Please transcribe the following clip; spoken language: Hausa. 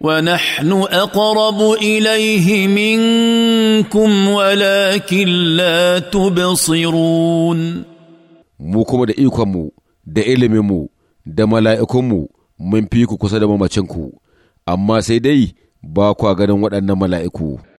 ونحن اقرب اليه منكم ولكن لا تبصرون mu kuma da ikonmu da iliminmu da mala'ikunmu mun fi ku kusa da mamacinku amma sai dai ba kwa ganin waɗannan mala'iku